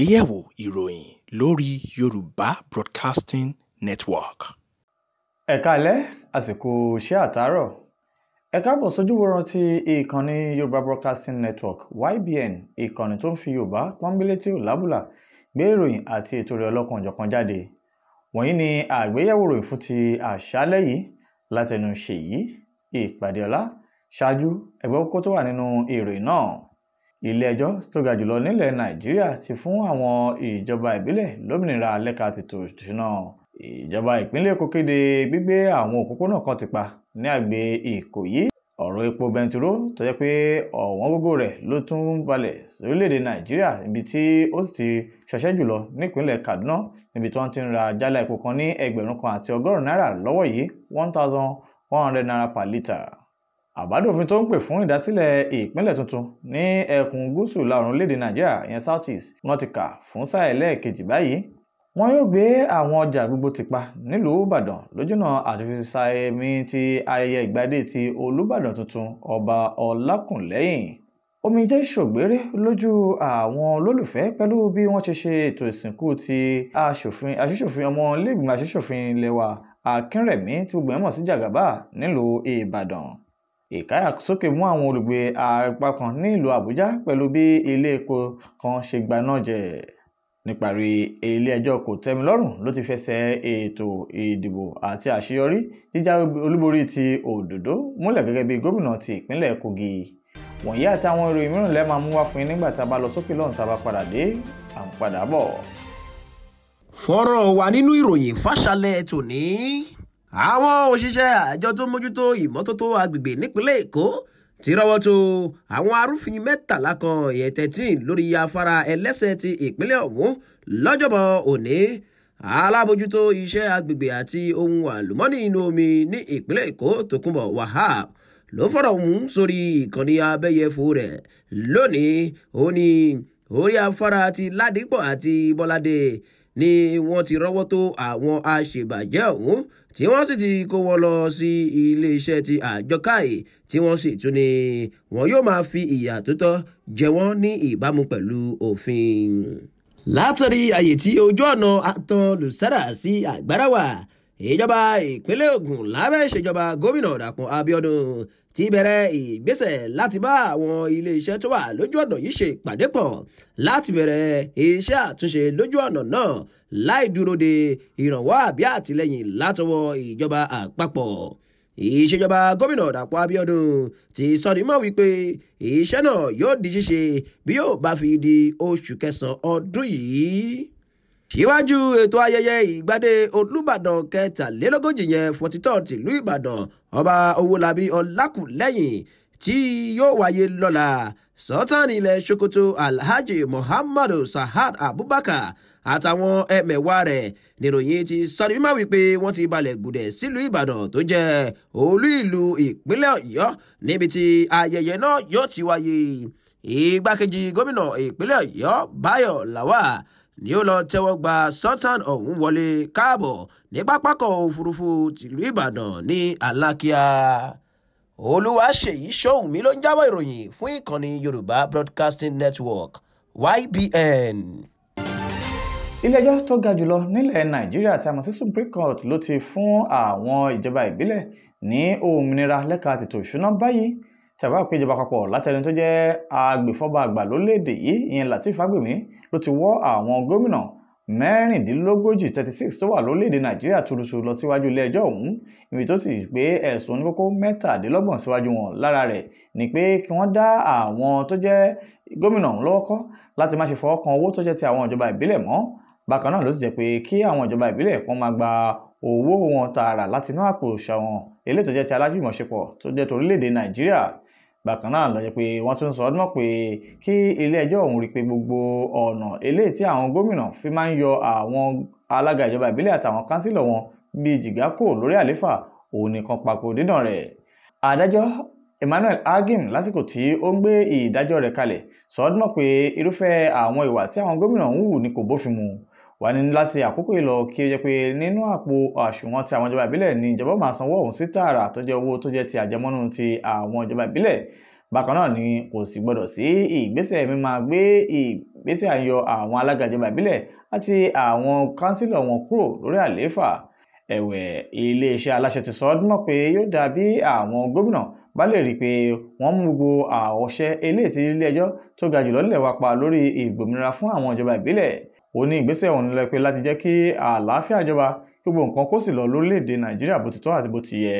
àgbéyẹ̀wò ìròyìn lórí Yorùbá Broadcasting Network. ẹ káalẹ́ àsìkò iṣẹ́ àtàárọ̀ ẹ káàbọ̀ sójú wòran ti ìkànnì Yorùbá Broadcasting Network YBN ìkànnì tó ń fi Yorùbá pọ́nbélé tí ò lábùlà gbé ìròyìn àti ètò rẹ̀ ọlọ́kan òjọ̀kan jáde wọ̀nyí ni àgbéyẹ̀wò ìròyìn fún ti àṣálẹ́ yìí látẹnu Ṣèyí Ìpàdéọlá ṣáájú ẹgbẹ́ kókó tó wà nínú ìròyìn náà ilé-ẹjọ́ tó ga jùlọ nílẹ̀ nàìjíríà ti fún àwọn ìjọba ìbílẹ̀ lómìnira lẹ́ka tètò ìṣúná ìjọba ìpínlẹ̀ èkó kéde gbígbé àwọn òpópónà kan ti pa ní àgbè ìkòyí ọ̀rọ̀ epo bẹntiró tó jẹ́ pé ọ̀wọ́n gógó rẹ̀ ló tún balẹ̀ sórílẹ̀‐èdè nàìjíríà ibi tí ó sì ti ṣọṣẹ́ jùlọ nípínlẹ̀ kaduna níbi tí wọ́n ti ń ra jálá epo kan ní ẹgbẹ̀rún kan àti ọgọ́rùn-ún náírà lọ́wọ́ yìí one thousand one hundred naira per litre àbádòfin tó ń pè fún ìdásílẹ̀ ìpínlẹ̀ tuntun ní ẹkùn gúúsù ìlà oòrùn lédè nàìjíríà ìyẹn south east wọ́n ti kà fún sáà ẹlẹ́ẹ̀kejì báyìí wọ́n yóò gbé àwọn ọjà gbogbo ti pa nílùú ìbàdàn lójúnà àti fi ṣàyẹmí ti ayẹyẹ ìgbàdé ti olùbàdàn tuntun ọba ọlákùnlẹ́yìn omijé ṣògbéré lójú àwọn olólùfẹ́ pẹ̀lú bí wọ́n ṣe ṣe ètò ìsìnkú ti aṣòfin aṣíṣòfin ọmọ iléègbìmọ̀ aṣíṣòfin ilé wa akínrẹ̀mí tí gbogbo ẹ̀ mọ̀ sí jàgàbá nílùú ìbàdàn ìkáyàsókè mú àwọn olùgbé apá kan ní ìlú Àbújá pẹ̀lú bí ilé epo kan ṣe gbaná jẹ. Níparí, Ilé-ẹjọ́ Kòtẹ́milọ́rùn ló ti fẹsẹ̀ ètò ìdìbò àti àṣeyọrí jíjáwé olúborí ti Òdòdó múlẹ̀ gẹ́gẹ́ bí gómìnà ti ìpínlẹ̀ Kogi. Wọ̀nyí àti àwọn ìròyìn mìíràn lẹ́ẹ̀ máa mú wá fún yín nígbà tá a bá lọ sókè lọ́hùn tá a bá padà dé à ń padà bọ̀. Fọ́rọ̀ wà nínú ìròyìn fàṣálẹ̀ tòní àwọn òṣìṣẹ́ àjọ tó mójútó ìmọ́tótó agbègbè nípínlẹ̀ èkó ti rọ́wọ́ tó àwọn arúfin mẹ́tàlá kan ìyẹ̀tẹ̀tìn lórí afárá ẹlẹ́sẹ̀ ti ìpínlẹ̀ ọ̀hún lọ́jọ́bọ̀ òní alábòjútó iṣẹ́ agbègbè àti ohun àlùmọ́nì inú omi ní ìpínlẹ̀ èkó tókunbọ̀ wahab ló fọ̀rọ̀ ọ̀hún sórí ìkànnì abẹ́yẹfò rẹ̀ lónìí ó ní orí afárá ti ládìpọ̀ àti bọ́ládé ni wọ́n ti rọ́wọ́ tó àwọn aṣèbàjẹ́ ọ̀hún tí wọ́n sì ti kó wọn lọ sí iléeṣẹ́ ti àjọ káì tí wọ́n sì tún ní wọn yóò máa fi ìyà tó tọ́ jẹ wọ́n ní ìbámu pẹ̀lú òfin. látàrí àyè tí ojú ọ̀nà àtọ̀ lùsádà sí àgbáráwà ìjọba ìpínlẹ̀ Ògùn lábẹ́ ìṣèjọba gómìnà Dàpọ̀ Abíọ́dún ti bẹ̀rẹ̀ ìgbésẹ̀ láti bá àwọn iléeṣẹ́ tó wà lójú ọ̀nà yìí ṣe ìpàdé pọ̀ láti bẹ̀rẹ̀ iṣẹ́ àtúnṣe lójú ọ̀nà náà láì dúró de ìrànwọ́ àbí àtìlẹ́yìn látọwọ́ ìjọba àpapọ̀ ìṣèjọba gómìnà Dàpọ̀ Abíọ́dún ti sọdí mọ́ wípé iṣẹ́ náà yóò di ṣíṣe bí yóò bá fi di oṣù kẹsàn-án ọdún yìí síwájú ètò ayẹyẹ ìgbádé olùbàdàn kẹtàlélógójì yẹn fọtítọ tìlú ìbàdàn ọba owólabí ọlákùlẹ́yìn tí yóò wáyé lọ́la sọ́tàn ilẹ̀ sokoto alhaji muhammadu sahad abubakar àtàwọn ẹ̀mẹ̀wá rẹ̀ níròyìn ti sọ́ni mímọ́ wípé wọ́n ti balẹ̀ gùdẹ̀ sílùú ìbàdàn tó jẹ́ olú ìlú ìpínlẹ̀ ọ̀yọ́ níbi tí ayẹyẹ náà yóò ti wáyé igbákejì gómìnà ìpínlẹ̀ ọ̀yọ́ báyọ̀ làwà ni ó lọ tẹ́wọ́ gba Sultan ọ̀hún wọlé káàbọ̀ ní pápákọ̀ òfurufú tìlú Ìbàdàn ní Alákíá Olúwaṣèyí Ṣóhùnmí ló ń jábọ̀ ìròyìn fún ìkànnì Yorùbá Broadcasting Network YBN. ilé-ẹjọ́ tó ga jùlọ nílẹ̀ Nàìjíríà tí a mọ̀ sí Supreme Court ló ti fún àwọn ìjọba ìbílẹ̀ ní òmìnira lẹ́ka tètò ìṣúná báyìí tàbá péjọba àpapọ̀ látẹni tó jẹ́ agbèfọ́ba àgbà lórílẹ̀‐èdè yìí ìyẹn Lateef Fagbemi ló ti wọ́ àwọn gómìnà mẹ́rìndínlógójì thirty six tó wà lórílẹ̀‐èdè Nàìjíríà turuṣu lọ síwájú ilé ẹjọ́ ọ̀hún ibi tó sì gbé ẹ̀sùn oníkókó mẹ́tàdínlọ́gbọ̀n síwájú wọn lára rẹ̀ ni pé kí wọ́n dá àwọn tó jẹ́ gómìnà ọ̀hún lọ́wọ́ kọ́ láti má ṣe fọwọ́ kan owó tó jẹ́ ti àwọn ìjọba ìbílẹ̀ mọ́ bákan náà ló sì jẹ́ pé kí àwọn ìjọba ìbílẹ̀ kan máa gba owó wọn tààrà látinú àpò òṣà wọn ti alájùmọ̀ṣepọ̀ tó jẹ́ torílẹ̀-èdè Nàìjíríà bákan náà ló jẹ́ pé wọ́n tún sọ ọdún pé kí ilé-ẹjọ́ ọ̀hún rí i pé gbogbo ọ̀nà eléyìí tí àwọn gómìnà fi máa ń yọ àwọn alága ìjọba ìbílẹ̀ àtàwọn kánsílọ̀ wọn bíi jìgákò lórí àléfà òun nìkan papò dídàn rẹ̀ adájọ́ Emmanuel Agim lásìkò tí ó ń gbé ìdájọ́ rẹ̀ kalẹ̀ sọ ọdún pé irúfẹ́ àwọn ìwà tí àwọn gómìnà ń hù ni kò bófin mu wà ní láti àkókò ìlọ kí ó jẹ́ pé nínú àpò àṣùwọ̀n ti àwọn ìjọba ìbílẹ̀ ni ìjọba máa sanwó ọ̀hún sí tààrà tó jẹ́ owó tó jẹ́ ti àjẹmọ́nú ti àwọn ìjọba ìbílẹ̀ bákan náà ni kò sì gbọdọ̀ sí ìgbésẹ̀ mímáa gbé ìgbésẹ̀ àyọ àwọn alága ìjọba ìbílẹ̀ àti àwọn kánsílọ̀ wọn kúrò lórí àlééfà ẹ̀wẹ̀ iléeṣẹ́ aláṣẹ ti sọ ọ́ mọ̀ bá lè rí i pé wọ́n mú gbogbo àwọ̀ṣẹ́ eléyìí ti ilé ẹjọ́ tó ga jùlọ nílẹ̀ wá pa lórí ìgbòmìnira fún àwọn ìjọba ìbílẹ̀ ó ní ìgbésẹ̀ ọ̀hún lè pé láti jẹ́ kí àlàáfíà ìjọba kí gbogbo nǹkan kó sì lọ lórílẹ̀‐èdè nàìjíríà bó ti tọ́ àti bó ti yẹ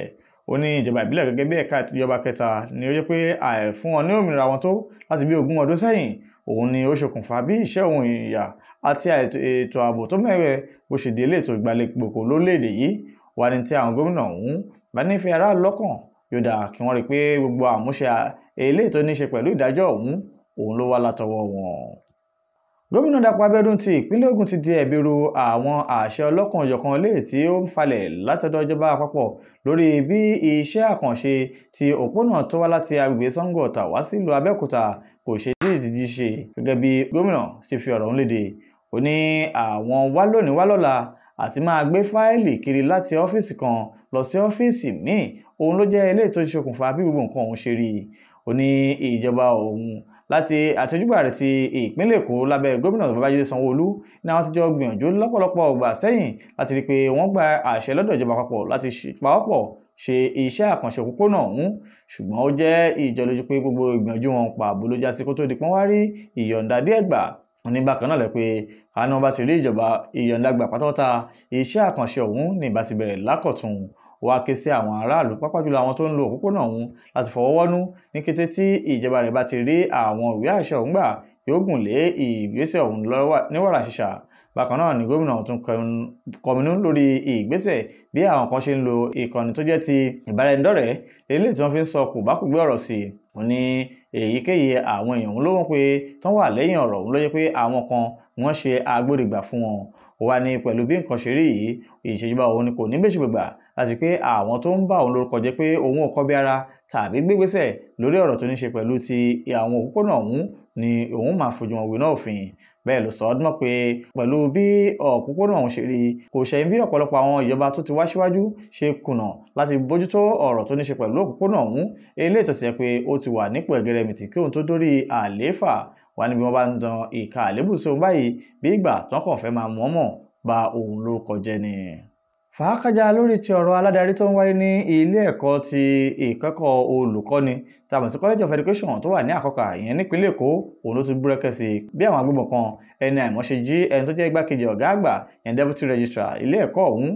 ó ní ìjọba ìbílẹ̀ gẹ́gẹ́ bí ẹ̀ka ìjọba kẹta ni ó jẹ́ pé àìfún wọn ní òmìnira wọn tó láti bí ogún ọdún sẹ́yìn òun ni ó ṣokùnfà bí ìṣẹ́ òun ìyà àti ètò ààbò tó mẹ́rẹ̀ bó ṣe dé eléètò ìgbàlejò lórílẹ̀‐èdè yìí wà ní tí àwọn gómìnà ọ̀hún bá nífẹ̀ẹ́ ará lọ́kàn kí wọ́n rí i pé gbogbo àmúṣe eléètò ní í ṣe pẹ̀lú ìdájọ́ ọ̀hún òun ló wá látọwọ́ wọn gómìnà dàpọ̀ abẹ́dún ti ìpínlẹ̀ Ògùn ti di ẹ̀bìrú àwọn àṣẹ ọlọ́kan-ò-jọ̀kan léyìí tí ó ń falẹ̀ látọ̀dọ̀ ìjọba àpapọ̀ lórí bí iṣẹ́ àkànṣe ti òpópónà tó wá láti agbègbè Sango Ọ̀tà wá sílùú Abẹ́òkúta kò ṣe dídì ṣe gẹ́gẹ́ bí gómìnà ṣe fi ọ̀rọ̀ ń ó ní àwọn wá lónìí wá lọ́la àti máa gbé fáìlì kiri láti ọ́fíìsì kan lọ sí ọ́fíìsì míì òun ló jẹ́ eléyìí tó ṣokùnfà bí gbogbo nǹkan òun ṣe rí ó ní ìjọba òun láti àtẹjúbà rẹ̀ ti ìpínlẹ̀ èkó lábẹ́ gómìnà babájídé sanwóolu ní àwọn ti jọ gbìyànjú lọ́pọ̀lọpọ̀ ọgbà sẹ́yìn láti rí i pé wọ́n gba àṣẹ lọ́dọ̀ ìjọba àpapọ̀ láti pawọ́pọ̀ ṣe iṣẹ́ àkànṣe òpópónà ọ̀hún ṣùgbọ́n ó jẹ́ ìjọlójú pé gbogbo ìgbìyànjú wọn pàbó ló já sí kó tó di pọ́n wá rí ìyọ̀ǹda díẹ̀ gbà ní bákan náà lẹ pé àánú bá ti rí ìjọba ìyọ̀ǹda gbà pátápátá ó wá ké sí àwọn aráàlú pàápàá jùlọ àwọn tó ń lo òpópónà ọ̀hún láti fọwọ́wọ́nú ní kété tí ìjọba rẹ̀ bá ti rí àwọn ìwé àṣẹ ọ̀hún gbà yóò gùn lé ìgbésẹ̀ ọ̀hún ní wàrà bákan náà ni gómìnà ọ̀tún kọminú lórí ìgbésẹ̀ bí àwọn kan ṣe ń lo ìkànnì tó jẹ́ ti ìbáraẹnidọ́rẹ̀ẹ́ eléyìí tí wọ́n fi ń sọ kòbákùgbé ọ̀rọ̀ sí i ní èyíkéyìí àwọn èèyàn ló wọ́n pé tán wà lẹ́yìn ọ̀rọ̀ òun ló yẹ pé àwọn kan wọ́n ṣe agbódegbà fún wọn ó wá ní pẹ̀lú bí nǹkan ṣe rí yìí ìṣèjọba òun ni kò ní bẹ́sùgbẹ̀gbà àti pé àwọn tó ń bà òun lórúkọ jẹ́ pé òun ò kọbi ara tàbí gbégbésẹ̀ lórí ọ̀rọ̀ tó ní ṣe pẹ̀lú ti àwọn òpópónà ọ̀hún ni òun máa fojú wọn wíná òfin bẹ́ẹ̀ ló sọ ọ́ dúnmọ́ pé pẹ̀lú bí òpópónà ọ̀hún ṣe rí kò ṣẹ̀yìn bí ọ̀pọ̀lọpọ̀ àwọn ìjọba tó ti wá síwájú ṣe kùnà láti bójútó ọ̀rọ̀ tó ní ṣe pẹ̀lú òpópónà ọ̀hún eléyìí tó ti jẹ́ pé ó ti wà nípò ẹ̀gẹ́rẹ́mìtì kí òun tó dórí àlééfà wà níbi wọn bá ń dan ìka àlébùsọ báyìí bí ìgbà tán kàn fẹ́ máa mọ̀ọ́mọ̀ ba òun lórúkọ jẹ́ ni fàákàjà lórí ti ọ̀rọ̀ aládarí tó ń wáyé ní ilé ẹ̀kọ́ ti ìkẹ́kọ̀ọ́ olùkọ́ni tá a mọ̀ sí college of education tó wà ní àkọ́kọ́ ìyẹn nípínlẹ̀ èkó òun ló ti búrẹ́kẹ́ sí i bí àwọn agbébọn kan ẹni àìmọ̀ṣe jí ẹni tó jẹ́ igbákejì ọ̀gá àgbà ẹni deputy registrar ilé ẹ̀kọ́ ọ̀hún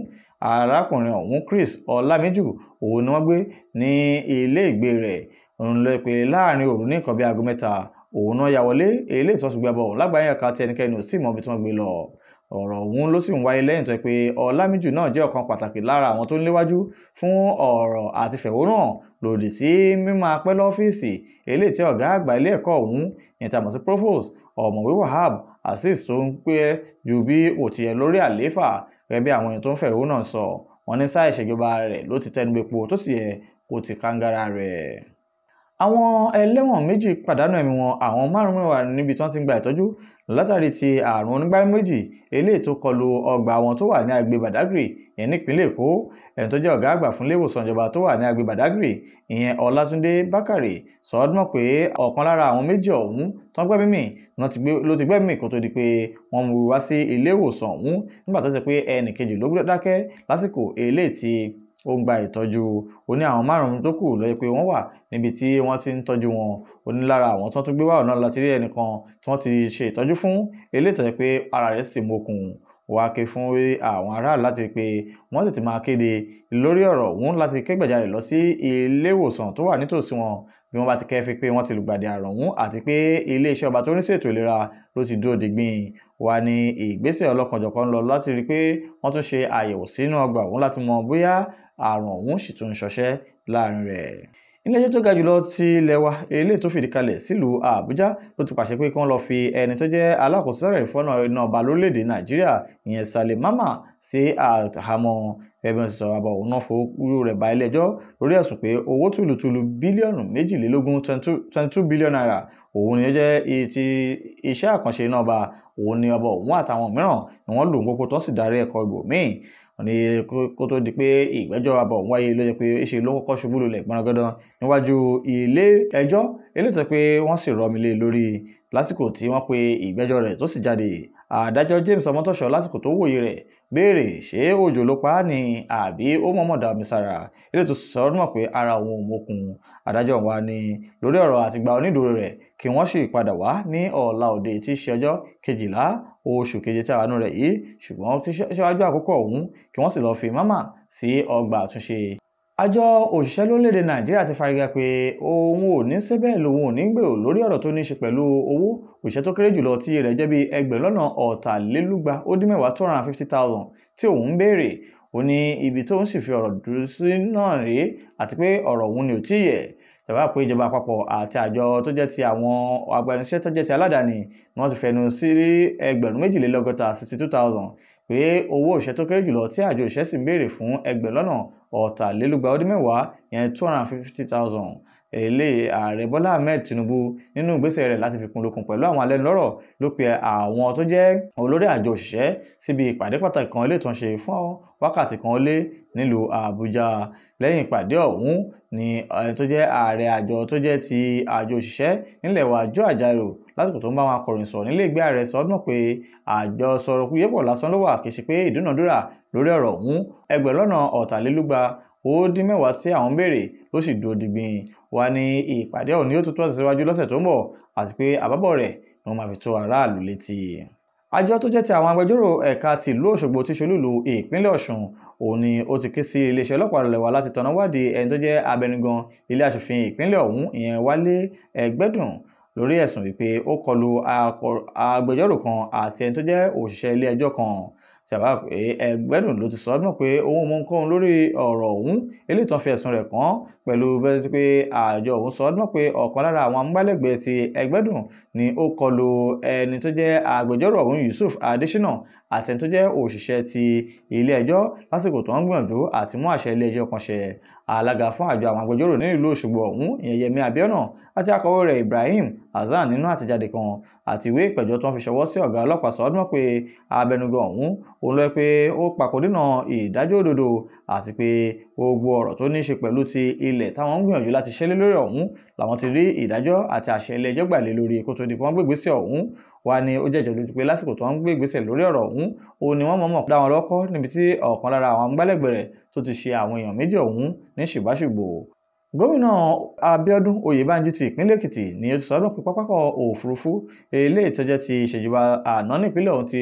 arákùnrin ọ̀hún chris ọlámíjù òun ni wọ́n gbé ní ilé ìgbé rẹ̀ òun lọ pé láàrin òru ní nǹkan bíi aago mẹ́ta òun ọ̀rọ̀ ọ̀hún ló sì ń wáyé lẹ́yìn tó yẹ pé ọ̀làmìjù náà jẹ́ ọ̀kan pàtàkì lára àwọn tó ń léwájú fún ọ̀rọ̀ àti fẹ̀hónúhàn lòdì sí mímọ́ apẹ́ lọ́fíìsì eléyìí tí ọ̀gá àgbà ilé ẹ̀kọ́ ọ̀hún ìtàmọ̀sí provost ọ̀mọ̀wé wahab azeez tó ń pẹ́ ju bí òtìyẹ lórí àlééfà gẹ́gẹ́ bí àwọn èèyàn tó ń fẹ̀hónú sọ wọ́n ní sáà ìṣèjọba rẹ̀ ló ti tẹnu epo tó sì yẹ kó àwọn ẹlẹ́wọ̀n méjì pàdánù ẹ̀mí wọn àwọn márùn-ún wà níbi tí wọ́n ti ń gba ìtọ́jú látàrí ti àrùn onígbárí méjì eléyìí tó kọlu ọgbà àwọn tó wà ní agbè Badagry ìyẹn nípínlẹ̀ Èkó ẹni tó jẹ́ ọ̀gá àgbà fún iléewòsàn ìjọba tó wà ní agbè Badagry ìyẹn Ọlátúndé Bákàrè sọ ọ́ dùn pé ọ̀kan lára àwọn méjì ọ̀hún tó ń gbẹ́mí mì ló ti gbẹ́mí kó tó di pé wọ́n mú wá sí iléewòsàn ọ̀hún nígbà tó ṣe pé ẹnì kejì ló dákẹ́ lásìkò eléyìí ti ó ń gba ìtọ́jú ó ní àwọn márùn-ún tó kù ló jẹ́ pé wọ́n wà níbi tí wọ́n ti ń tọ́jú wọn ó ní lára àwọn tó tún gbé wá ọ̀nà láti rí ẹnìkan tí wọ́n ti ṣe ìtọ́jú fún eléyìí tó jẹ́ pé ara rẹ̀ sì mókun wá ké fún àwọn aráàlú láti rí i pé wọ́n tètè máa kéde lórí ọ̀rọ̀ ọ̀hún láti kẹ́gbẹ̀járe lọ sí ilé ìwòsàn tó wà nítòsí wọn bí wọ́n bá ti kẹ́fí pé wọ́n ti lùgbàdì àrùn ọ̀hún àti pé iléeṣẹ́ ọba tó ń ṣètò ìlera ló ti dúró digbín wá ní ìgbésẹ̀ ọlọ́kanjọ̀kan lọ láti rí i pé wọ́n tún ṣe àyẹ̀wò sínú ọgbà ọ̀hún láti mọ bóyá àrùn ọ̀hún sì tún ń ṣọṣẹ́ láàrin rẹ̀ iléẹjọ́ tó ga jùlọ ti ilẹ̀ wa eléyìí tó fìdí kalẹ̀ sílùú àbújá ló ti pàṣẹ pé kí wọ́n lọ fi ẹni tó jẹ́ alákòóso ìfọ́nà iná ọba lórílẹ̀‐èdè nàìjíríà ìyẹn Sale Mama sí àhámọ́ ẹbí wọn ti sọ̀rọ̀ àbọ̀ òun náà fowó rẹ̀ bá iléẹjọ́ lórí ẹ̀sùn pé owó tùlùtùlù bílíọ̀nù méjìlélógún twenty two billion naira òun ni ó jẹ́ ti iṣẹ́ àkànṣe iná ọba òun ni ọba òun àtàwọn mìíràn ni wọ́n lò ń gbogbo tó sì darí ẹ̀kọ́ ibòmíì ní kó tó di pé ìgbẹ́jọ́ abọ̀ ń wáyé ló yẹ pé ṣe ló kọ́kọ́ ṣubú lulẹ̀ gbọ́nàgbọ́dàn níwájú ilé ẹjọ́ eléyìí tó pé wọ́n sì rọ́ mi lé lórí lásìkò tí wọ́n pe ìgbẹ́jọ́ rẹ̀ tó sì jáde àdájọ́ James Ọmọ́tọ́ṣọ̀ lásìkò tó wòye rẹ̀ béèrè ṣé òjò ló pa á ní àbí ó mọ̀mọ́ dà mí sára eléyìí tó sọ̀rọ̀ mọ̀ pé ara òun ò mókun àdájọ́ wa ni lórí ọ̀rọ̀ àtìgbà onídùúró rẹ̀ kí wọ́n sì padà wá ní ọ̀la òde tí í ṣe ọjọ́ kejìlá oṣù keje tí a wà nù rẹ̀ yìí ṣùgbọ́n síwájú àkókò ọ̀hún kí wọ́n sì lọ́ọ́ fi mámà sí ọgbà àtúnṣe àjọ òṣìṣẹ́ lórílẹ̀‐èdè nàìjíríà ti fariga pé òun ò ní síbẹ̀ lòun ò ní gbèrò lórí ọ̀rọ̀ tó ní ṣe pẹ̀lú owó òṣìṣẹ́ tó kéré jùlọ tí rẹ̀ jẹ́ bíi ẹgbẹ̀rún lọ́nà ọ̀tàlélúgba ó dín mẹ́wàá two hundred and fifty thousand tí òun ń béèrè ó ní ibi tó ń sì fi ọ̀rọ̀ dúró sí náà rèé àti pé ọ̀rọ̀ òun ni ò tíì yẹ̀ tẹ̀wá pé ìjọba àpapọ̀ àti àjọ tó jẹ́ ti àwọn agbanisẹ́ tó jẹ́ ti aládàáni ni wọ́n ti fẹnu sí ẹgbẹ̀rún méjìlélọ́gọ́ta sixty two thousand pé owó òṣẹ́ tó kéré jùlọ tí àjọ òṣẹ́ sì ń béèrè fún ẹgbẹ̀rún lọ́nà ọ̀tàlélúgba ó mẹ́wàá ìyẹn two hundred and fifty thousand ilé ààrẹ bọ́lá ahmed tinubu nínú ìgbésẹ̀ rẹ̀ láti fi kún lókun pẹ̀lú àwọn alẹ́nulọ́rọ̀ ló pe àwọn tó jẹ́ olórí àjọ òṣìṣẹ́ síbi ìpàdé pàtàkì kan ilé ìtànṣe fún wákàtí kan lé nílùú àbújá lẹ́yìn ìpàdé ọ̀hún ni ẹni eh, tó jẹ́ ààrẹ àjọ tó jẹ́ ti àjọ òṣìṣẹ́ nílẹ̀ wa Joe Ajaero lásìkò tó ń bá wọn akọ̀ròyìn sọ̀rọ̀ nílé ìgbé ààrẹ sọ ọdún pé àjọ sọ̀rọ̀ kúyẹ́pọ̀ lásán ló wà kì í ṣe pé ìdúnàdúrà lórí ọ̀rọ̀ ọ̀hún ẹgbẹ̀rún lọ́nà ọ̀tàlélúgba ó dín mẹ́wàá tí àwọn béèrè ló sì dúró digbin wá ní ìpàdé ọ̀hún ni ó tún tẹ̀síwájú lọ́sẹ̀ tó ń bọ̀ àti pé àbábọ̀ rẹ̀ ni wọ́n máa fi tó aráàlú létí àjọ tó jẹ́ ti àwọn agbẹjọ́rò ẹ̀ka ti ìlú Òṣogbo tí ṣolúlu ìpínlẹ̀ Ọ̀ṣun òun ni ó ti ké sí iléeṣẹ́ ọlọ́pàá rẹ̀ wá láti tọ̀nà wádìí ẹni tó jẹ́ abẹnugan ilé aṣòfin ìpínlẹ̀ ọ̀hún ìyẹn Wálé Ẹ̀gbẹ́dùn lórí ẹ̀sùn wípé ó kọlu agbẹjọ́rò kan àti ẹni tó jẹ́ òṣìṣẹ́ ilé ẹjọ́ kan ṣàbá pé ẹgbẹ́dùn ló ti sọ ọdún pé òun mú nǹkan lórí ọ̀rọ̀ òun eléyìí tó ń fi ẹ̀sùn rẹ̀ kàn pẹ̀lú bẹ́ẹ̀ ti pé àjọ òun sọ ọdún pé ọ̀kan lára àwọn amúgbálẹ́gbẹ̀ẹ́ ti ẹgbẹ́dùn ni ó kọlu ẹni tó jẹ́ agbẹjọ́rò òun Yusuf Adésínà àti ẹni tó jẹ́ òṣìṣẹ́ ti ilé-ẹjọ́ lásìkò tó ń gbìyànjú àti mú àṣẹ ilé-ẹjọ́ kan ṣẹ alága fún àjọ àwọn agbẹjọ́rò ní ìlú Òṣogbo ọ̀hún ìyẹn Yẹmí àti akọ̀wé rẹ̀ Ibrahim Hasan nínú àtijáde kan àti ìwé ìpẹ̀jọ́ tó ń fi ṣọwọ́ sí ọ̀gá ọlọ́pàá sọ́dún pé abẹnugan ọ̀hún òun lọ pé ó papò dínà ìdájọ́ òdodo àti pé gbogbo ọ̀rọ̀ tó ní í ṣe pẹ̀lú ti ilẹ̀ táwọn ń gbìyànjú láti ṣẹlẹ̀ lórí ọ̀hún làwọn ti rí ìdájọ́ àti àṣẹ ilé-ẹjọ́ gbà lórí kó tó di pé wọ́n gbègbèsè wá ni ó jẹ́jọ́ lójú pé lásìkò tó ń gbé ìgbésẹ̀ lórí ọ̀rọ̀ ọ̀hún òun ni wọ́n mọ̀ọ́mọ̀ dá wọn lọ́kọ́ níbi tí ọ̀kan lára àwọn amúgbálẹ́gbẹ̀ẹ́ tó ti ṣe àwọn èèyàn méjì ọ̀hún ní ṣìbáṣìbò gómìnà Abíọ́dún Oyèbánjí ti ìpínlẹ̀ Èkìtì ni ó ti sọdún pé pápákọ̀ òfurufú eléyìí tó ti ìṣèjọba àná nípínlẹ̀ ọ̀hún ti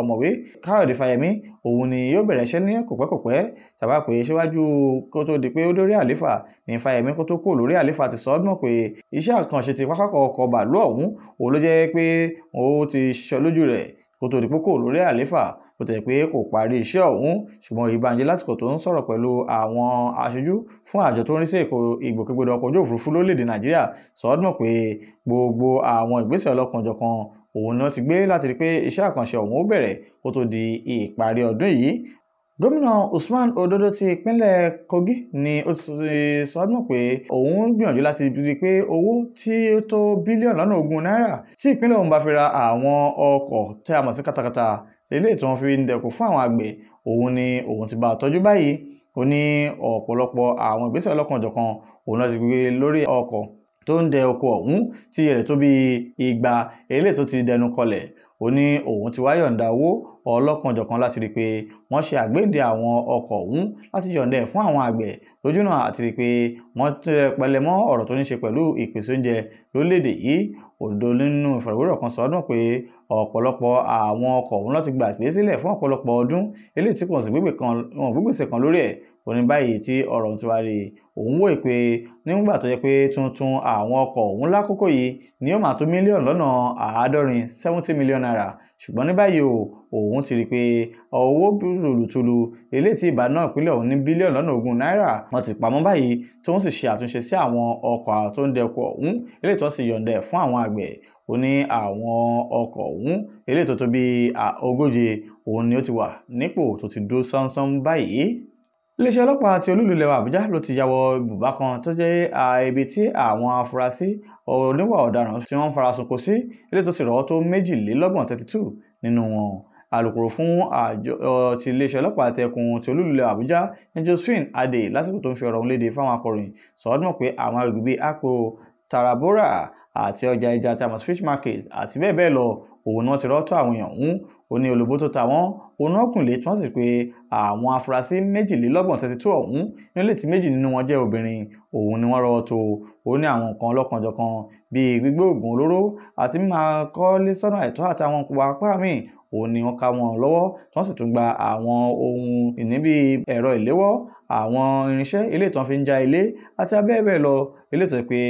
ọ̀mọ̀wé Káyọ̀dé Fáyẹmí òun ni yóò bẹ̀rẹ̀ iṣẹ́ ní kòpẹ́kòpẹ́ tàbá pé síwájú kó tó di pé ó dórí àléfà ní Fáyẹmí kó tó kú lórí àléfà ti sọ ọ́ mọ̀ pé iṣẹ́ àkànṣe ti pápákọ̀ ọkọ̀ bàálù ọ̀hún òun ló jẹ́ pé ó ti ṣiṣọ́ kó tó di pé kò lórí àléfà bó tẹ̀ pé kò parí iṣẹ́ ọ̀hún ṣùgbọ́n Ìbánjí lásìkò tó ń sọ̀rọ̀ pẹ̀lú àwọn aṣojú fún àjọ tó ń rí sí èkó ìgbòkègbodò ọkọ̀ ojú òfurufú lórílẹ̀‐èdè Nàìjíríà sọ́dún pé gbogbo àwọn ìgbésẹ̀ ọlọ́kanòjọ̀kan òun ni wọ́n ti gbé láti rí pé iṣẹ́ àkànṣe ọ̀hún ó bẹ̀rẹ̀ kó tó di ìparí ọdún yìí gómìnà usman òdodo ti ìpínlẹ̀ kogi ni ó ti sọdún pé òun ń gbìyànjú láti rí i pé owó tí ó tó bílíọ̀nù lọ́nà ogún náírà tí ìpínlẹ̀ òun bá fi ra àwọn ọkọ̀ tí a mọ̀ sí katakata eléyìí tí wọ́n fi ń dẹkùn fún àwọn àgbẹ̀ òun ni òun ti bá tọ́jú báyìí ó ní ọ̀pọ̀lọpọ̀ àwọn ìgbésẹ̀ ọlọ́kanòjọ̀kan òun náà ti gbé lórí ọkọ̀ tó ń dẹ oko ọ̀hún tí rẹ̀ tó bíi igba eléyìí tó ti dẹnu kọlẹ̀ ó ní òun ti wá yọ̀ǹda owó ọlọ́kanjọ̀kan láti rí i pé wọ́n ṣe àgbéǹde àwọn ọkọ̀ ọ̀hún láti yọ̀ǹda ẹ̀ fún àwọn àgbẹ̀ lójúnà àti rí i pé wọ́n pẹlẹ mọ́ ọ̀rọ̀ tó ní ṣe pẹ̀lú ìpèsè oúnjẹ lórílẹ̀‐èdè yìí òdodo nínú ìfọ̀rọ̀wérọ̀ kan sọdún pé ọ̀pọ̀lọpọ̀ àwọn ọkọ̀ ọ̀hún láti gbà pé sílẹ̀ fún ọ̀pọ̀lọpọ̀ ọdún eléyìí tí kò sì gbégbèsè kan lórí ẹ̀ òní báyìí tí ọ̀rọ̀ ń tiwa rèé òun wòye pé nígbà tó yẹ pé tuntun àwọn ọkọ̀ òun lákòókò yìí ni yóò máa tó mílíọ̀nù lọ́nà àádọ́rin seventy million naira ṣùgbọ́n ní báyìí o òun ti rí i pé owó tòlùtòlù eléyìí tí ìbá náà ìpínlẹ̀ òun ní bílíọ̀nù lọ́nà ogún náírà wọn ti pamọ́ báyìí tó ń sì ṣe àtúnṣe sí àwọn ọkọ̀ tó ń dẹkọ̀ ọ̀hún eléyìí tó sì yọ̀ǹda fún àwọn àgbẹ̀ ó ní àwọn ọkọ̀ ọ̀hún eléyìí tó tó bíi ogóje òun ni ó ti wà nípò tó ti dúró sánsán báyìí iléeṣẹ́ ọlọ́pàá ti olúìlú ilẹ̀ àbújá ló ti ya wọ bùbá kan tó jẹ́ ibi tí àwọn afurasí oníwà ọ̀daràn tí wọ́n ń farasinko sí ilé tó sì rọ́ tó méjìlélọ́gbọ̀n thirty two nínú wọn alukoro fún àjọ ti iléeṣẹ́ ọlọ́pàá àtẹkùn ti olúìlú ilẹ̀ àbújá ní josephine adé lásìkò tó ń fi ọ̀rọ̀ òun léde fáwọn akọ̀ròyìn sọ́ọ́dún pé àwọn agbègbè akpo tarabora àti ọjà ẹja tamas fish market àti bẹ́ẹ̀ bẹ́ẹ̀ lọ òun ni wọ́n ti rọ́ tó àwọn èèyàn ń òun ní olùbó tó ta wọ́n òun náà kùn lé tí wọ́n sì pé àwọn afurasí méjìlélọ́gbọ̀n thirty two ọ̀hún nílé tí méjì nínú wọn jẹ́ obìnrin òun ni wọ́n rọ́wọ́ tó ó ní àwọn nǹkan ọlọ́kanjọ̀kan bíi gbígbé oògùn olóró àti mímáa kọ́lé sọ́nà àìtọ́ àtàwọn ọkùnrin apá míì òun ni wọ́n ká wọn lọ́wọ́ tí wọ́n sì tún gba àwọn ohun ìní bíi ẹ̀rọ ìléwọ́ àwọn irinṣẹ́ ilé tí wọ́n fi ń já ilé àti abẹ́ẹ̀ bẹ́ẹ̀ lọ ilé tó pé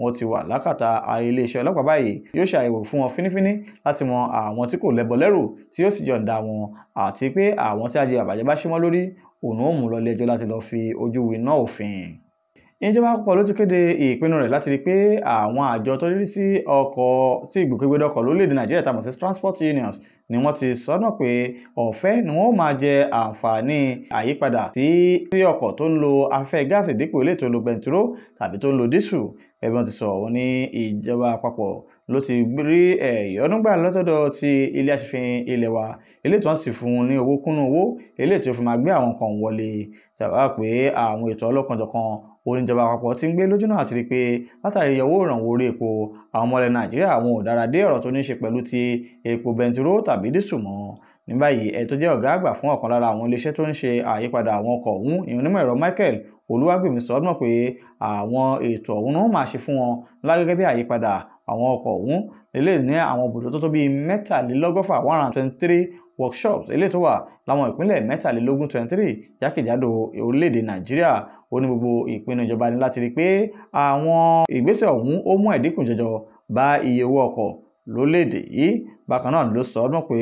wọ́n ti wà lákàtà iléeṣẹ́ ọlọ́pàá báyìí yóò ṣàyẹ̀wò fún wọn fínífíní láti mọ àwọn tí kò lẹ́bọ lẹ́rù tí yóò sì yọ̀ǹda wọn àti pé àwọn tí ajé àbàjẹ́ bá símọ́ lórí òun ó mú lọ ilé láti lọ́ọ́ fi ojú winá òfin ìjọba àpapọ̀ ló ti kéde ìpinnu rẹ̀ láti rí i pé àwọn àjọ tó rí sí ọkọ̀ sí ìgbòkègbodò ọkọ̀ lórílẹ̀‐èdè nàìjíríà tá a mọ̀ sí transport unions ni wọ́n ti sọ́nà pé ọ̀fẹ́ ni wọ́n máa jẹ àǹfààní àyípadà sí ọkọ̀ tó ń lo afẹ́ gáàsì dípò ilé tó ń lo bẹntiró tàbí tó ń lo dísù ẹbí wọn ti sọ wọn ní ìjọba àpapọ̀ ló ti rí ẹ̀yọ́núgbà lọ́tọ̀dọ̀ ti ilé aṣòfin ilé wa eléyìí tí wọ́n sì fún un ní owó kúnnú owó eléyìí tí ó fi máa gbé àwọn kan wọlé tàbá pé àwọn ètò ọlọ́kanjọ̀kan oníjọba àpapọ̀ ti ń gbé lójúnà àti rí pé látàrí owó ìrànwọ́ orí epo àwọn ọmọ ilẹ̀ nàìjíríà àwọn ò dára dé ọ̀rọ̀ tó ní ṣe pẹ̀lú ti epo bẹntiró tàbí dísù mọ́ ní báyìí ẹni tó jẹ́ ọ̀gá àgbà fún ọ̀kan lára àwọn iléeṣẹ́ tó ń ṣe àyípadà àwọn ọkọ̀ ọ̀hún ìyẹn onímọ̀ ẹ̀rọ Michael Olúwàgbèmí sọ ọdún pé àwọn ètò ọ̀hún náà máa ṣe fún wọn lágẹ́gẹ́ bí àyípadà àwọn ọkọ̀ ọ̀hún lélẹ́yìn ní àwọn ibùdó tó tó bíi mẹ́tàlélọ́gọ́fà one hundred twenty three workshops eléyìí tó wà láwọn ìpínlẹ̀ mẹ́tàlélógún twenty three jákèjádò orílẹ̀-èdè nàìjíríà ó ní gbogbo ìpinnu ìjọba ní láti rí i pé àwọn ìgbésẹ̀ ọ̀hún ó mú ẹ̀dínkù jọjọ bá iye owó ọkọ̀ lórílẹ̀-èdè yìí bákan náà ló sọ ọdún pé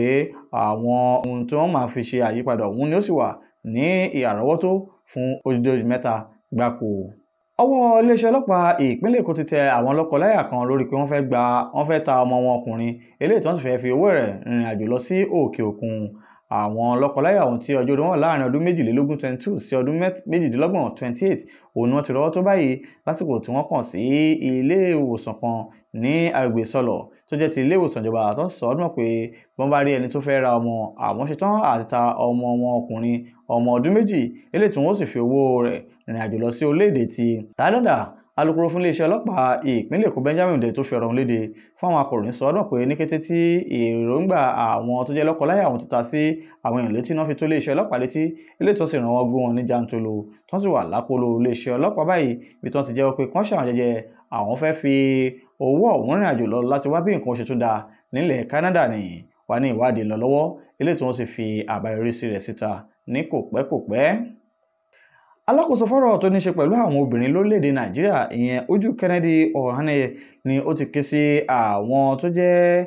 àwọn ohun tí wọ́n máa fi ṣe àyípadà ọ̀hún ni ó sì wà ní ìrànlọ́wọ́tó fún odidi oṣù mẹ́ta gbáko ọwọ́ iléeṣẹ́ ọlọ́pàá ìpínlẹ̀ èkó ti tẹ àwọn lọ́kọ-láyà kan lórí pé wọ́n fẹ́ gba wọ́n fẹ́ ta ọmọ wọn ọkùnrin eléyìí tí wọ́n sì fẹ́ fi owó rẹ̀ rìnrìn àjò lọ sí òkè òkun àwọn lọ́kọ-láyà ọ̀hún tí ọjọ́ orí wọn láàrin ọdún méjìlélógún twenty two sí ọdún méjìdínlọ́gbọ̀n twenty eight òun ni wọ́n ti rọ́wọ́ tó báyìí lásìkò tí wọ́n kàn sí ilé ìwòsàn kan ní agbègbè sọlọ tó jẹ́ ti ilé ìwòsàn ìjọba tó ń sọ ọdún pé wọ́n bá rí ẹni tó fẹ́ ra ọmọ àwọn ṣetán àti ta ọmọ wọn ọkùnrin ọmọ ọdún méjì eléyìí tí wọ́n sì fi owó rẹ̀ rìnrìn àjò lọ sí orílẹ̀ ti tàdádà alukoro fún iléeṣẹ́ ọlọ́pàá ìpínlẹ̀ èkó benjamin dẹ̀ tó fi ọ̀rọ̀ léde fún àwọn akọ̀ròyìn sọ ọdún pé ní kété tí èròǹgbà àwọn tó jẹ́ lọ́kọláya àwọn títa sí àwọn èèyàn létí náà fi tó iléeṣẹ́ ọlọ́pàá létí eléyìí tó sì ràn wọ́n gún wọn ní jàǹtolo tó sì wà lákòlò iléeṣẹ́ ọlọ́pàá báyìí ibi tó ti jẹ́wọ́ pé kán ṣàwọn jẹ́jẹ́ àwọn fẹ́ fi owó ọ̀hún rìn àjò lọ láti wá bí nǹkan oṣù tún dáa nílẹ̀ Canada ni wà ní ìwádìí lọ lọ́wọ́ eléyìí tí wọ́n sì fi àbáyọrísí rẹ̀ síta ní kò pẹ́ kò pẹ́. alákòóso fọ́rọ̀ tó ní ṣe pẹ̀lú àwọn obìnrin lórílẹ̀‐èdè nàìjíríà ìyẹn Uju Kennedy Ohaneye ni ó ti ké sí àwọn tó jẹ́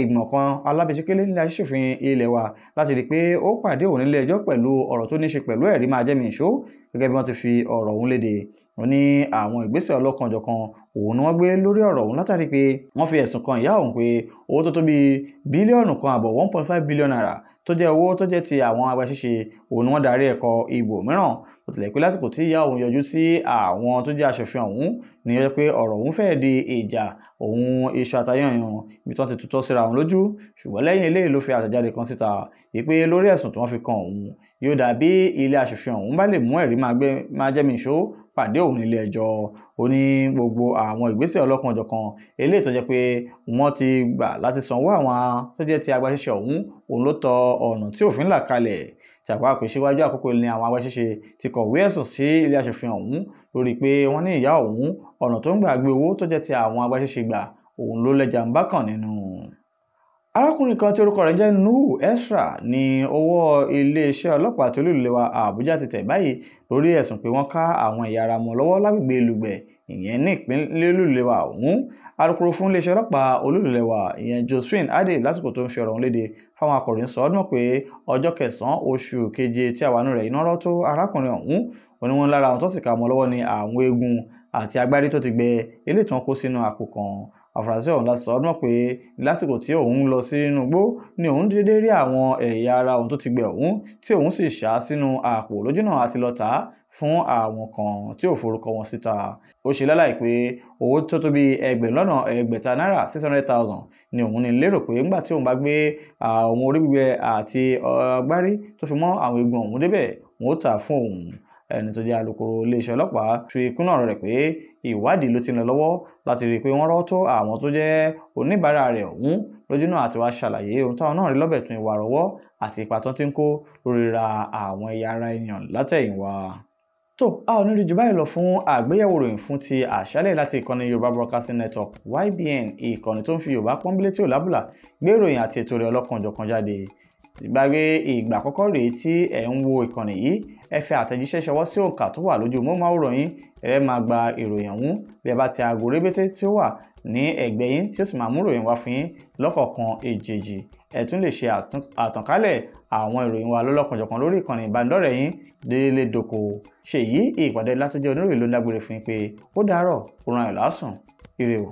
ìgbìmọ̀ kan alábẹ́síkélé nílẹ̀ aṣòfin ilẹ̀ wa láti rí i pé ó pàdé òun nílé ẹjọ́ pẹ̀lú ọ̀rọ̀ tó ní ṣe pẹ̀lú ẹ̀rí máa jẹ́ mi ìṣó gẹ́gẹ́ bí wọ́n ti fi ọ̀rọ̀ òun léde ó ní àwọn ìgbésẹ̀ ọlọ́kanjọ̀kan òun ni wọ́n gbé lórí ọ̀rọ̀ òun látàrí pé wọ́n fi ẹ̀sùn kan ìyá òun pé owó tó tó bíi bílíọ̀nù kan àbọ̀ one point five billion naira tó jẹ́ owó tó jẹ́ ti àwọn agbaṣẹ́ṣe òun ni wọ́n darí ẹ̀kọ́ ibòmíràn bó tilẹ̀ pé lásìkò tí ìyá òun yọjú sí àwọn tó jẹ́ aṣòfin ọ̀hún ni ó jẹ́ pé ọ̀rọ̀ òun fẹ́ẹ́ di ìjà òun iṣu àtayànyàn ibi tí wọ́n ti tutọ́ síra òun lójú ṣùgbọ́n lẹ́yìn eléyìí ló fi àtẹ̀jáde kan síta wípé lórí ẹ̀sùn tí wọ́n fi kan òun yóò dàbí ilé aṣòfin ọ̀hún bá lè mú ẹ̀rí máa jẹ́ mi ìṣó pàdé òun nílé ẹjọ́ ó ní gbogbo àwọn ìgbésẹ̀ ọlọ́kan ọ̀jọ̀kan eléyìí tó jẹ́ pé wọ́n ti gbà láti sanwó àwọn tó jẹ́ ti agbaṣẹ́ṣe ọ̀hún òun ló tọ ọ̀nà tí òfin là kalẹ̀ tí àpá pé síwájú àkókò ní àwọn agbaṣẹ́ṣe ti kọ̀wé ẹ̀sùn sí ilé aṣòfin ọ̀hún lórí pé wọ́n ní ìyá òun ọ̀nà tó ń gbà gbé owó tó jẹ́ ti àwọn agbaṣẹ́ṣe gbà òun ló lẹ́jà ń bá nínú arákùnrin kan tí orúkọ rẹ̀ jẹ́ nuhu esra ní ọwọ́ iléeṣẹ́ ọlọ́pàá tí olú ìlú wa àbújá ti tẹ̀ báyìí lórí ẹ̀sùn pé wọ́n ká àwọn ẹ̀yà ara mọ́ lọ́wọ́ lágbègbè lùgbẹ̀ ìyẹn ní ìpínlẹ̀ olúlẹ̀wà ọ̀hún alukoro fún iléeṣẹ́ ọlọ́pàá olúlẹ̀wà ìyẹn josephine adé lásìkò tó ń ṣe ọ̀rọ̀ òun léde fáwọn akọ̀ròyìn sọ ọdún pé ọjọ́ kẹsàn-án oṣù keje tí àwọnú rẹ̀ iná rọ́ tó arákùnrin ọ̀hún oníwọ̀n lára àwọn tó sì ká mọ́ lọ́wọ́ ni àwọn eegun àti agbárí tó ti gbẹ eléyìí tí kó sínú àpò kan àfúrásì ọ̀hún la sọ ọ́ mọ̀ pé lásìkò tí òun lọ sínú igbó ni òun dédé rí àwọn ẹ̀yà ara òun tó ti gbẹ òun tí òun sì ṣá sínú àpò lójúnà àti lọ tà á fún àwọn kan tí ò forúkọ wọn síta ó ṣe láláì pé owó tó tó bíi ẹgbẹ̀rún lọ́nà ẹgbẹ̀ta náírà six hundred thousand ni òun ní lérò pé ńgbà tí òun bá gbé àwọn orí gbígbẹ àti ọgbárí tó fi mọ́ àwọn eegun òun débẹ̀ wọn ó tà fún òun ẹni tó jẹ́ alukoro iléeṣẹ́ ọlọ́pàá fi kúnnà rẹ̀ pé ìwádìí ló ti ń lọ lọ́wọ́ láti rí i pé wọ́n rọ́ tó àwọn tó jẹ́ oníbàárà rẹ̀ ọ̀hún lójú náà àti wá ṣàlàyé ohun táwọn náà rí lọ́bẹ̀ tún ìwà rọ́wọ́ àti ipa tó ti ń kó lórí ra àwọn ẹ̀yà ara èèyàn látẹ̀yìnwá tó a ò ní rí jù báyìí lọ fún àgbéyẹ̀wò ìròyìn fún ti àṣálẹ̀ láti ìkànnì yorùbá broadcasting network ybn ìkànnì tó ń fi yorùbá pọ́nbélé tí ò lábùlà gbé ìròyìn àti ètò rẹ̀ ọlọ́kanòjọ̀kan jáde ìgbàgbé ìgbà àkọ́kọ́ rèé tí ẹ̀ ń wo ìkànnì yìí ẹ fi àtẹ̀jíṣẹ́ ṣọwọ́ sí òǹkà tó wà lójú móhùnmáwòrán yín ẹ máa gba ìròyìn ọ̀hún bí ẹ bá ti aago rébété tí ó wà ní ẹ̀gbẹ́ yín tí ó sì máa mú ìròyìn wá fún yín lọ́kọ̀ọ̀kan èjèèjì ẹ tún lè ṣe àtànkálẹ̀ àwọn ìròyìn wa lọ́lọ́kanjọ̀kan lórí ìkànnì ìbánidọ́rẹ̀ẹ́ yín délé dòkò ṣèyí ìpàdé látọjọ́ oníròyìn ló ń dágbére fún yín pé ó dàárọ̀ ó ràn lásùn ire o.